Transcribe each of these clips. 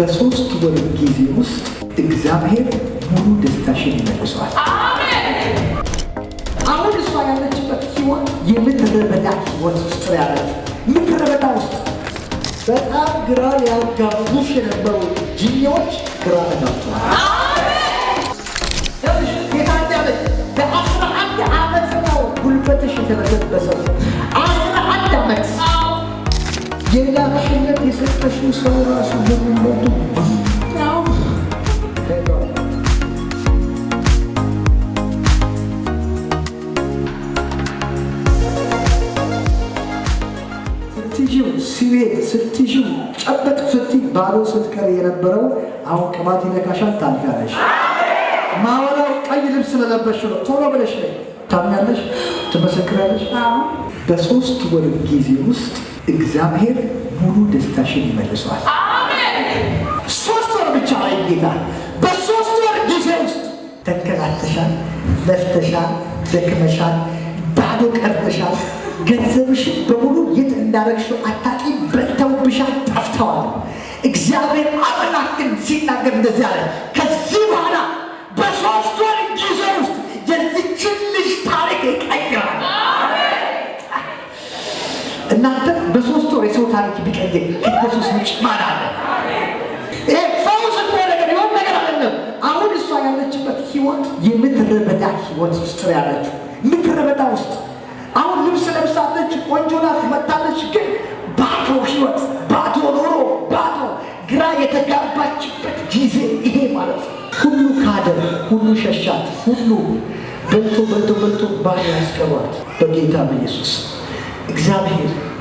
በሶስት ወር ጊዜ ውስጥ እግዚአብሔር ሙሉ ደስታሽን ይመልሰዋል። አሁን እሷ ያለችበት ህይወት የምድረ በዳ ህይወት ውስጥ ያለች ምድረ በዳ ውስጥ በጣም ግራ ያጋቡሽ የነበሩ ጅኞች ግራ ተጋብተዋል። ለአስራ አንድ ዓመት ነው ጉልበትሽ አስራ አንድ ዓመት የላክሽለት የሰጠሽን ሰው ራሱ በሚወዱ ሲቤት ስትሽው ጨበጥ ስቲ ባዶ ስትቀር የነበረው አሁን ቅባት ይነካሻል፣ ታልፊያለሽ። ማወራው ቀይ ልብስ ስለለበሽ ነው። ቶሎ ብለሽ ታምናለሽ፣ ትመሰክራለሽ። በሶስት ወር ጊዜ ውስጥ እግዚአብሔር ሙሉ ደስታሽን ይመልሰዋል። ሶስት ወር ብቻ ላይ ጌታ በሶስት ወር ጊዜ ውስጥ ተንከራተሻል፣ ለፍተሻል፣ ደክመሻል፣ ባዶ ቀርተሻል። ገንዘብሽን በሙሉ የት እንዳረግሽው አታቂ በልተውብሻል፣ ጠፍተዋል። እግዚአብሔር አምላክ ሲናገር እንደዚህ አለ ከዚህ በኋላ በሶስት ወር እናንተ በሶስት ወር የሰው ታሪክ ቢቀይር ከኢየሱስ ውጭ ማን አለ? ይሄ ፈውስ እኮ ነገር የሆነ ነገር አይደለም። አሁን እሷ ያለችበት ህይወት የምድረ በዳ ህይወት ውስጥ ነው ያለችው፣ ምድረ በዳ ውስጥ አሁን ልብስ ለብሳለች፣ ቆንጆ ናት፣ መታለች። ግን ባዶ ህይወት፣ ባዶ ኑሮ፣ ባዶ ግራ የተጋባችበት ጊዜ ይሄ ማለት ነው። ሁሉ ካደ፣ ሁሉ ሸሻት፣ ሁሉ በልቶ በልቶ በልቶ ባዶ ያስገባት በጌታ በኢየሱስ እግዚአብሔር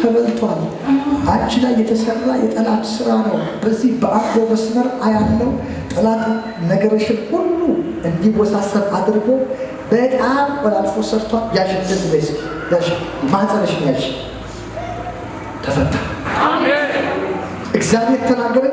ተበልቷል። አንቺ ላይ የተሰራ የጠላት ስራ ነው። በዚህ በአግቦ መስመር አያለው ጠላት ነገርሽን ሁሉ እንዲወሳሰብ አድርጎ በጣም ቆላልፎ ሰርቷል። ያሽ እንደዚህ በይ እስኪ ያሽ ማህፀንሽን ያሽ ተፈታ። እግዚአብሔር ተናገረ።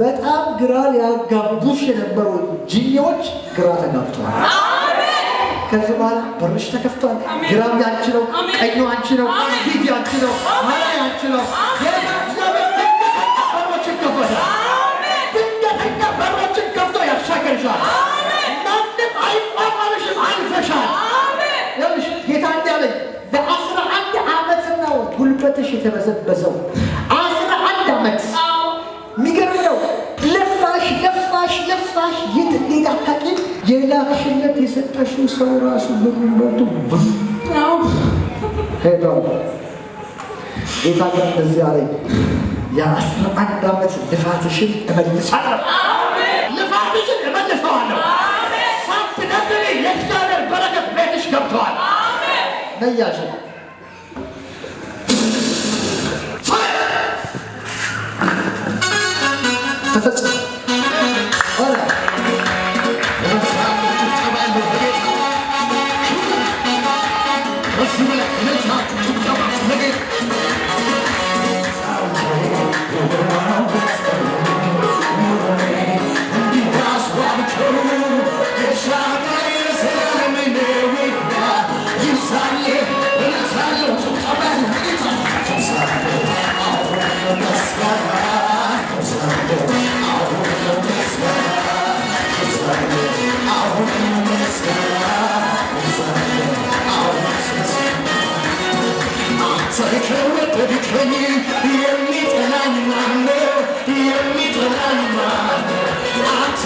በጣም ግራ ሊያጋቡሽ የነበሩ ጅኒዎች ግራ ተጋብተዋል። ከዚህ በኋላ በርሽ ተከፍቷል። ግራም ያንቺ ነው፣ ቀኙ አንቺ ነው፣ ፊት ያንቺ ነው፣ ማና ያንቺ ነው። በሮች ይከፈታል። ድንገተኛ በሮችን ከፍቶ ያሻገርሻል። ማንም አልፈሻል። ጌታ አንድ ዓመት ነው ጉልበትሽ የተበዘበዘው ሲታታቂ የላክሽለት የሰጠሽው ሰው ራሱ በጉልበቱ ብናው ሄዶ ጌታ ጋር እዚያ ላይ የአስራ አንድ ዓመት ልፋትሽን እመልሳለሁ፣ ልፋትሽን እመልሰዋለሁ። ሳትደብሪ የእግዚአብሔር በረከት ቤትሽ ገብተዋል ነያሽ